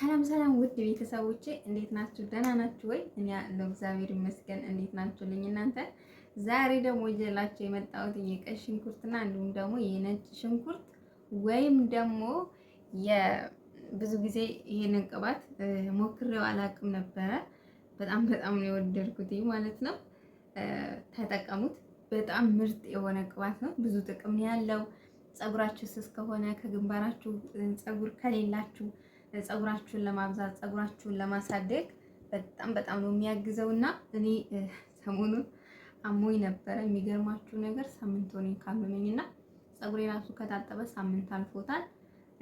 ሰላም ሰላም ውድ ቤተሰቦቼ እንዴት ናችሁ? ደህና ናችሁ ወይ? እኔ ያለው እግዚአብሔር ይመስገን። እንዴት ናችሁልኝ እናንተ? ዛሬ ደግሞ ይዤላችሁ የመጣሁት የቀይ ሽንኩርትና እንዲሁም ደግሞ የነጭ ሽንኩርት ወይም ደግሞ ብዙ ጊዜ ይሄንን ቅባት ሞክሬው አላውቅም ነበረ። በጣም በጣም ነው የወደድኩት ማለት ነው። ተጠቀሙት። በጣም ምርጥ የሆነ ቅባት ነው። ብዙ ጥቅም ያለው ጸጉራችሁ ስስ ከሆነ ከግንባራችሁ ጸጉር ከሌላችሁ ጸጉራችሁን ለማብዛት ጸጉራችሁን ለማሳደግ በጣም በጣም ነው የሚያግዘው እና እኔ ሰሞኑን አሞኝ ነበረ። የሚገርማችሁ ነገር ሳምንት ሆኔ ካመመኝ እና ጸጉሬ ራሱ ከታጠበ ሳምንት አልፎታል።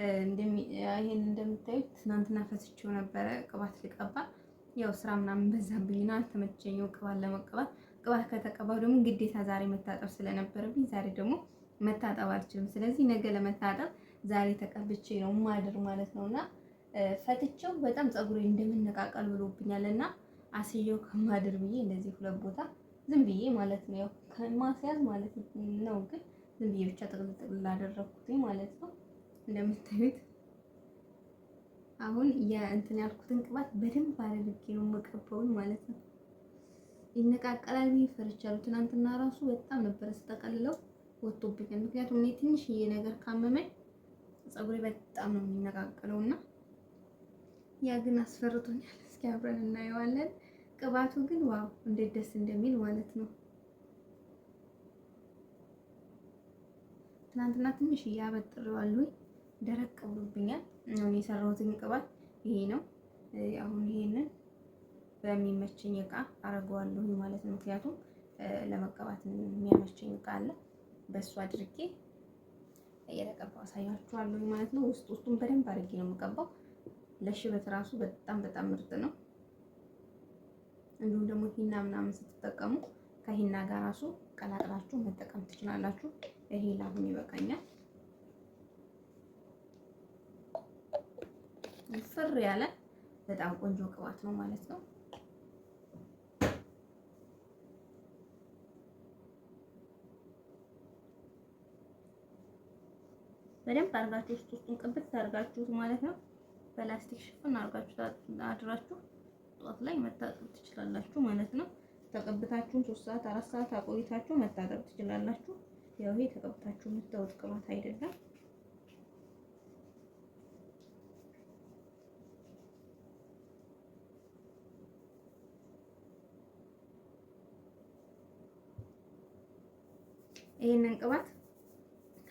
ይሄን እንደምታዩት ትናንትና ፈስቼው ነበረ ቅባት ልቀባ። ያው ስራ ምናምን በዛብኝና አልተመቸኝም ቅባት ለመቀባት። ቅባት ከተቀባው ደግሞ ግዴታ ዛሬ መታጠብ ስለነበረብኝ ዛሬ ደግሞ መታጠብ አልችልም። ስለዚህ ነገ ለመታጠብ ዛሬ ተቀብቼ ነው ማድር ማለት ነውና ፈትቼው በጣም ፀጉሬ እንደምነቃቀል ብሎብኛል እና አስየው ከማድር ብዬ እንደዚህ ሁለት ቦታ ዝም ብዬ ማለት ነው ያው ከማስያዝ ማለት ነው ግን ዝም ብዬ ብቻ ጥቅል ጥቅል ላደረኩት ማለት ነው። እንደምታዩት አሁን የእንትን ያልኩትን ቅባት በደንብ አድርጌ ነው የምቀባውን ማለት ነው። ይነቃቀላል ብዬ ፈርቻለሁ። ትናንትና ራሱ በጣም ነበረ ስጠቀልለው ወጥቶብኛል። ምክንያቱም እኔ ትንሽዬ ነገር ካመመኝ ፀጉሬ በጣም ነው የሚነቃቀለው እና ያ ግን አስፈርቶኛል። እስኪ አብረን እናየዋለን። ቅባቱ ግን ዋው እንዴት ደስ እንደሚል ማለት ነው። ትናንትና ትንሽ እያበጥረዋለሁ ደረቅ ብሎብኛል። አሁን የሰራሁትን ቅባት ይሄ ነው። አሁን ይሄንን በሚመቸኝ እቃ አረገዋለሁ ማለት ነው። ምክንያቱም ለመቀባት የሚያመቸኝ እቃ አለ። በእሱ አድርጌ እየተቀባው አሳያችኋለሁ ማለት ነው። ውስጥ ውስጡን በደንብ አድርጌ ነው የምቀባው። ለሽበት ራሱ በጣም በጣም ምርጥ ነው። እንዲሁም ደግሞ ሂና ምናምን ስትጠቀሙ ከሂና ጋር ራሱ ቀላቅላችሁ መጠቀም ትችላላችሁ። ይሄ ላሁን ይበቃኛል። ፍር ያለ በጣም ቆንጆ ቅባት ነው ማለት ነው። በደንብ አድርጋችሁ ውስጥ ውስጡን ቅብት ታርጋችሁት ማለት ነው። በላስቲክ ሽፍን አድርጋችሁ አድራችሁ ጧት ላይ መታጠብ ትችላላችሁ ማለት ነው። ተቀብታችሁም ሶስት ሰዓት አራት ሰዓት አቆይታችሁ መታጠብ ትችላላችሁ። ያው ይሄ ተቀብታችሁ የምታወጥ ቅባት አይደለም። ይህንን ቅባት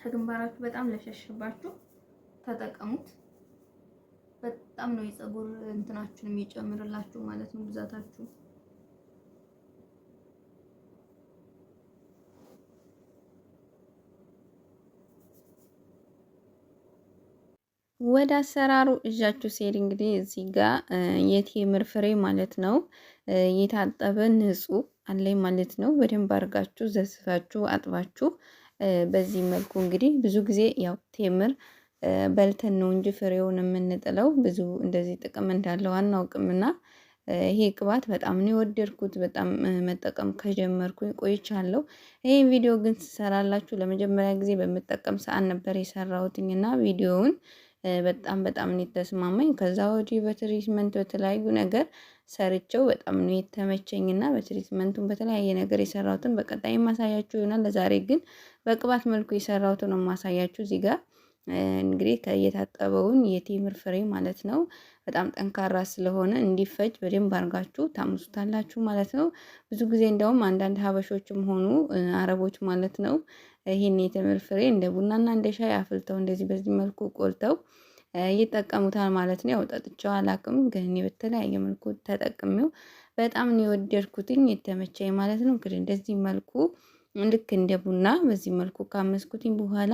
ከግንባራችሁ በጣም ለሸሽባችሁ ተጠቀሙት። በጣም ነው የፀጉር እንትናችሁን የሚጨምርላችሁ ማለት ነው ብዛታችሁ ወደ አሰራሩ እጃችሁ ሲሄድ እንግዲህ እዚህ ጋር የቴምር ፍሬ ማለት ነው የታጠበ ንጹህ አለኝ ማለት ነው። በደንብ አድርጋችሁ ዘስፋችሁ አጥባችሁ በዚህ መልኩ እንግዲህ ብዙ ጊዜ ያው ቴምር በልተን ነው እንጂ ፍሬውን የምንጥለው። ብዙ እንደዚህ ጥቅም እንዳለው አናውቅምና ይሄ ቅባት በጣም ነው የወደድኩት። በጣም መጠቀም ከጀመርኩኝ ቆይቻለሁ። ይህ ቪዲዮ ግን ስሰራላችሁ ለመጀመሪያ ጊዜ በምጠቀም ሰዓት ነበር የሰራሁትኝ እና ቪዲዮውን በጣም በጣም ነው የተስማማኝ። ከዛ ወዲህ በትሪትመንት በተለያዩ ነገር ሰርቸው በጣም ነው የተመቸኝ እና በትሪትመንቱን በተለያየ ነገር የሰራሁትን በቀጣይ ማሳያችሁ ይሆናል። ለዛሬ ግን በቅባት መልኩ የሰራሁትን ነው ማሳያችሁ እዚህ ጋር እንግዲህ ከየታጠበውን የቴምር ፍሬ ማለት ነው። በጣም ጠንካራ ስለሆነ እንዲፈጭ በደንብ አርጋችሁ ታምሱታላችሁ ማለት ነው። ብዙ ጊዜ እንደውም አንዳንድ ሀበሾችም ሆኑ አረቦች ማለት ነው ይህን የቴምር ፍሬ እንደ ቡናና እንደ ሻይ አፍልተው እንደዚህ በዚህ መልኩ ቆልተው እየጠቀሙታል ማለት ነው። ያው ጠጥቼው አላቅም፣ ግን እኔ በተለያየ መልኩ ተጠቅሜው በጣም ነው የወደድኩትኝ የተመቸኝ ማለት ነው። እንግዲህ እንደዚህ መልኩ ልክ እንደ ቡና በዚህ መልኩ ካመስኩትኝ በኋላ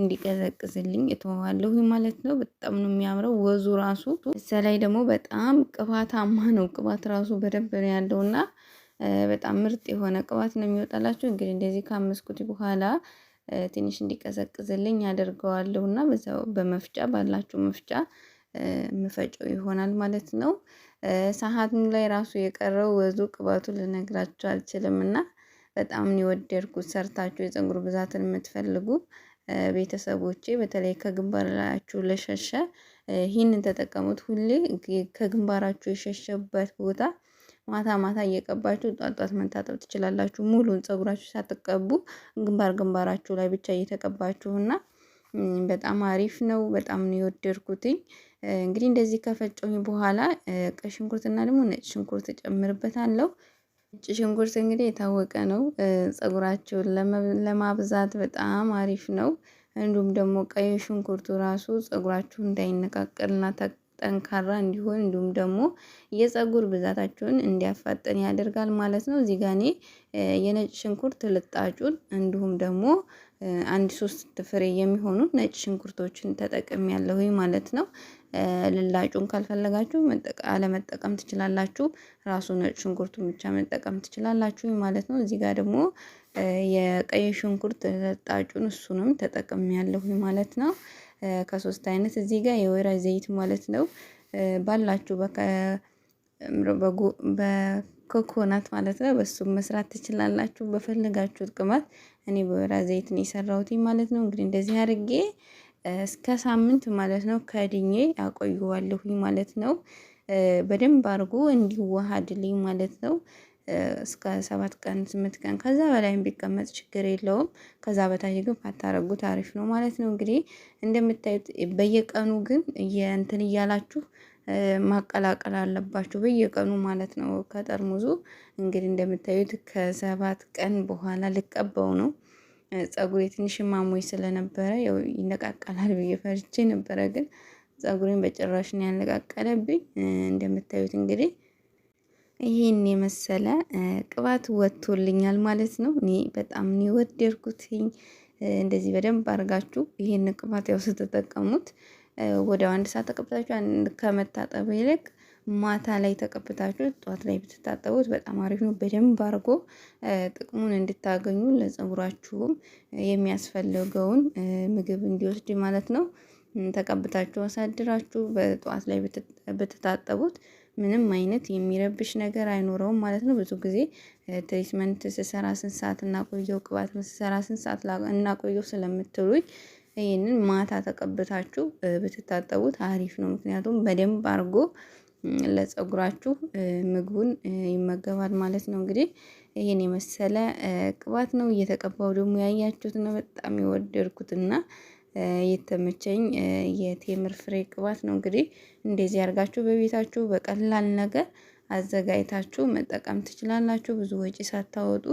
እንዲቀዘቅዝልኝ እተዋለሁ ማለት ነው። በጣም ነው የሚያምረው ወዙ ራሱ። እዛ ላይ ደግሞ በጣም ቅባታማ ነው። ቅባት ራሱ በደንብ ነው ያለውና በጣም ምርጥ የሆነ ቅባት ነው የሚወጣላችሁ። እንግዲህ እንደዚህ ካመስኩት በኋላ ትንሽ እንዲቀዘቅዝልኝ ያደርገዋለሁ እና በዛው በመፍጫ ባላችሁ መፍጫ ምፈጨው ይሆናል ማለት ነው። ሰሀኑ ላይ ራሱ የቀረው ወዙ ቅባቱ ልነግራችሁ አልችልም እና በጣም ነው የወደድኩት። ሰርታችሁ የፀጉር ብዛትን የምትፈልጉ ቤተሰቦቼ በተለይ ከግንባር ላያችሁ ለሸሸ ይህንን ተጠቀሙት። ሁሌ ከግንባራችሁ የሸሸበት ቦታ ማታ ማታ እየቀባችሁ ጧጧት መታጠብ ትችላላችሁ። ሙሉን ፀጉራችሁ ሳትቀቡ ግንባር ግንባራችሁ ላይ ብቻ እየተቀባችሁ እና በጣም አሪፍ ነው። በጣም ነው የወደድኩትኝ። እንግዲህ እንደዚህ ከፈጨሁኝ በኋላ ቀይ ሽንኩርትና ደግሞ ነጭ ሽንኩርት ጨምርበታለሁ። ነጭ ሽንኩርት እንግዲህ የታወቀ ነው። ጸጉራቸውን ለማብዛት በጣም አሪፍ ነው። እንዲሁም ደግሞ ቀይ ሽንኩርቱ ራሱ ፀጉራችሁ እንዳይነቃቀልና ጠንካራ እንዲሆን እንዲሁም ደግሞ የፀጉር ብዛታችሁን እንዲያፋጥን ያደርጋል ማለት ነው። እዚህ ጋ እኔ የነጭ ሽንኩርት ልጣጩን እንዲሁም ደግሞ አንድ ሶስት ፍሬ የሚሆኑ ነጭ ሽንኩርቶችን ተጠቅም ያለሁኝ ማለት ነው። ልላጩን ካልፈለጋችሁ አለመጠቀም ትችላላችሁ። ራሱ ነጭ ሽንኩርቱን ብቻ መጠቀም ትችላላችሁ ማለት ነው። እዚህ ጋር ደግሞ የቀይ ሽንኩርት ልጣጩን እሱንም ተጠቅም ያለሁኝ ማለት ነው። ከሶስት አይነት እዚህ ጋር የወይራ ዘይት ማለት ነው ባላችሁ ኮኮናት ማለት ነው። በሱ መስራት ትችላላችሁ በፈለጋችሁት ቅባት። እኔ በወይራ ዘይት ነው የሰራሁት ማለት ነው። እንግዲህ እንደዚህ አድርጌ እስከ ሳምንት ማለት ነው ከድኜ ያቆየዋለሁኝ ማለት ነው። በደንብ አድርጎ እንዲዋሃድልኝ ማለት ነው። እስከ ሰባት ቀን ስምንት ቀን ከዛ በላይ ቢቀመጥ ችግር የለውም። ከዛ በታች ግን ባታረጉት አሪፍ ነው ማለት ነው። እንግዲህ እንደምታዩት በየቀኑ ግን እንትን እያላችሁ ማቀላቀል አለባችሁ በየቀኑ ማለት ነው። ከጠርሙዙ እንግዲህ እንደምታዩት ከሰባት ቀን በኋላ ልቀባው ነው። ጸጉሬ ትንሽ ማሞኝ ስለነበረ ያው ይነቃቀላል ብዬ ፈርቼ ነበረ፣ ግን ጸጉሬን በጭራሽ ነው ያነቃቀለብኝ። እንደምታዩት እንግዲህ ይህን የመሰለ ቅባት ወጥቶልኛል ማለት ነው። እኔ በጣም ነው እንደዚህ በደንብ አድርጋችሁ ይህን ቅባት ያው ስትጠቀሙት ወደ አንድ ሰዓት ተቀብታችሁ ከመታጠቡ ይልቅ ማታ ላይ ተቀብታችሁ ጠዋት ላይ ብትታጠቡት በጣም አሪፍ ነው። በደንብ አድርጎ ጥቅሙን እንድታገኙ ለፀጉራችሁም የሚያስፈልገውን ምግብ እንዲወስድ ማለት ነው። ተቀብታችሁ አሳድራችሁ በጠዋት ላይ ብትታጠቡት ምንም አይነት የሚረብሽ ነገር አይኖረውም ማለት ነው። ብዙ ጊዜ ትሪትመንት ስሰራ ስንት ሰዓት እናቆየው፣ ቅባት ስሰራ ስንት ሰዓት እናቆየው ስለምትሉኝ ይህንን ማታ ተቀብታችሁ ብትታጠቡት አሪፍ ነው። ምክንያቱም በደንብ አድርጎ ለፀጉራችሁ ምግቡን ይመገባል ማለት ነው። እንግዲህ ይህን የመሰለ ቅባት ነው እየተቀባው ደግሞ ያያችሁት ነው። በጣም የወደድኩትና የተመቸኝ የቴምር ፍሬ ቅባት ነው። እንግዲህ እንደዚህ አድርጋችሁ በቤታችሁ በቀላል ነገር አዘጋጅታችሁ መጠቀም ትችላላችሁ። ብዙ ወጪ ሳታወጡ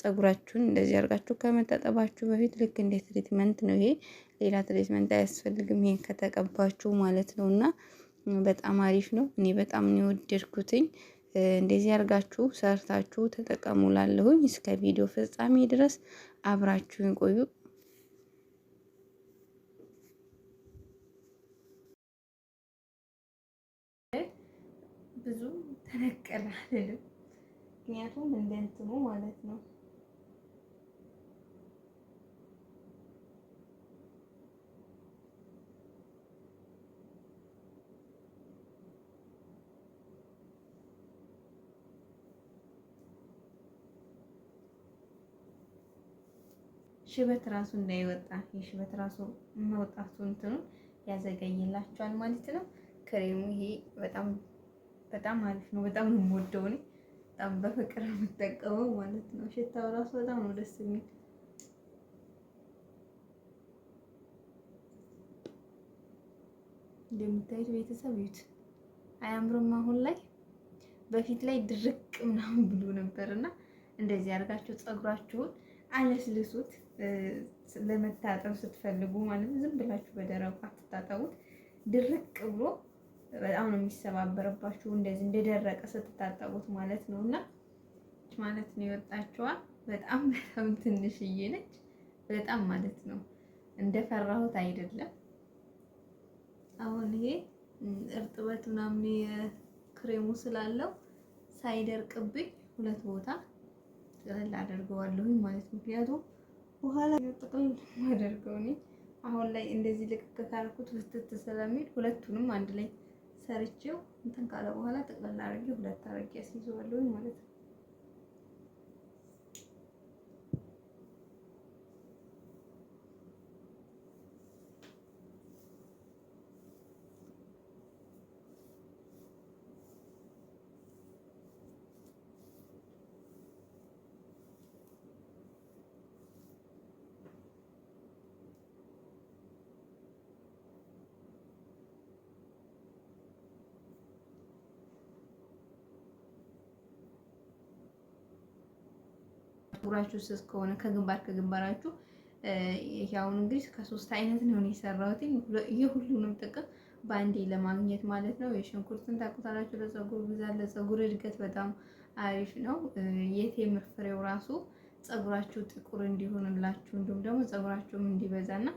ጸጉራችሁን እንደዚህ አድርጋችሁ ከመታጠባችሁ በፊት ልክ እንደ ትሪትመንት ነው። ይሄ ሌላ ትሪትመንት አያስፈልግም። ይሄን ከተቀባችሁ ማለት ነው እና በጣም አሪፍ ነው። እኔ በጣም ነው የወደድኩትኝ። እንደዚህ አድርጋችሁ ሰርታችሁ ተጠቀሙላለሁኝ። እስከ ቪዲዮ ፍጻሜ ድረስ አብራችሁን ቆዩ። ቀለቀል አልልም። ምክንያቱም እንደ ማለት ነው ሽበት ራሱ እንዳይወጣ የሽበት ራሱ መውጣቱ እንትኑን ያዘገይላቸዋል ማለት ነው። ክሬሙ ይሄ በጣም በጣም አሪፍ ነው። በጣም ነው የምወደው እኔ በጣም በፍቅር የምጠቀመው ማለት ነው። ሽታው ራሱ በጣም ነው ደስ የሚል። እንደምታዩት ቤተሰብ ዩት አያምርም? አሁን ላይ በፊት ላይ ድርቅ ምናምን ብሎ ነበር እና እንደዚህ አድርጋችሁ ፀጉራችሁን አለስልሱት። ለመታጠብ ስትፈልጉ ማለት ዝም ብላችሁ በደረቁ አትታጠቡት። ድርቅ ብሎ በጣም ነው የሚሰባበረባችሁ። እንደዚህ እንደደረቀ ስትታጠቡት ማለት ነው እና ማለት ነው ይወጣችኋል። በጣም በጣም ትንሽዬ ነች። በጣም ማለት ነው እንደፈራሁት አይደለም። አሁን ይሄ እርጥበት ምናምን የክሬሙ ስላለው ሳይደርቅብኝ ሁለት ቦታ ጥቅል አደርገዋለሁኝ ማለት ነው። ምክንያቱም በኋላ ጥቅል አደርገው እኔ አሁን ላይ እንደዚህ ልቅቅ ካልኩት ፍትት ስለሚል ሁለቱንም አንድ ላይ ሰርቼው እንትን ካለ በኋላ ጥቅልል አድርጌ ሁለት አድርጌ አስይዘዋለሁኝ ማለት ነው። ፀጉራችሁ ስስ ከሆነ ከግንባር ከግንባራችሁ ያውን እንግዲህ ከሶስት አይነት ነው የሰራሁት። የሁሉንም ጥቅም በአንዴ ለማግኘት ማለት ነው። የሽንኩርትን ታቁታላችሁ። ለጸጉር ብዛት፣ ለፀጉር እድገት በጣም አሪፍ ነው። የቴምር ፍሬው ራሱ ጸጉራችሁ ጥቁር እንዲሆንላችሁ እንዲሁም ደግሞ ፀጉራችሁም እንዲበዛና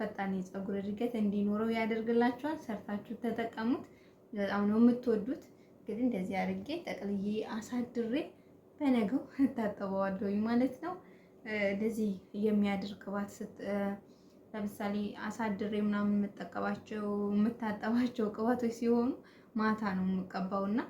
ፈጣን የፀጉር እድገት እንዲኖረው ያደርግላችኋል። ሰርታችሁ ተጠቀሙት። በጣም ነው የምትወዱት። እንግዲህ እንደዚህ አድርጌ ጠቅልዬ አሳድሬ በነገው እታጠበዋለሁኝ ማለት ነው። እንደዚህ የሚያድር ቅባት ለምሳሌ አሳድሬ ምናምን የምጠቀማቸው የምታጠባቸው ቅባቶች ሲሆኑ ማታ ነው የምቀባውና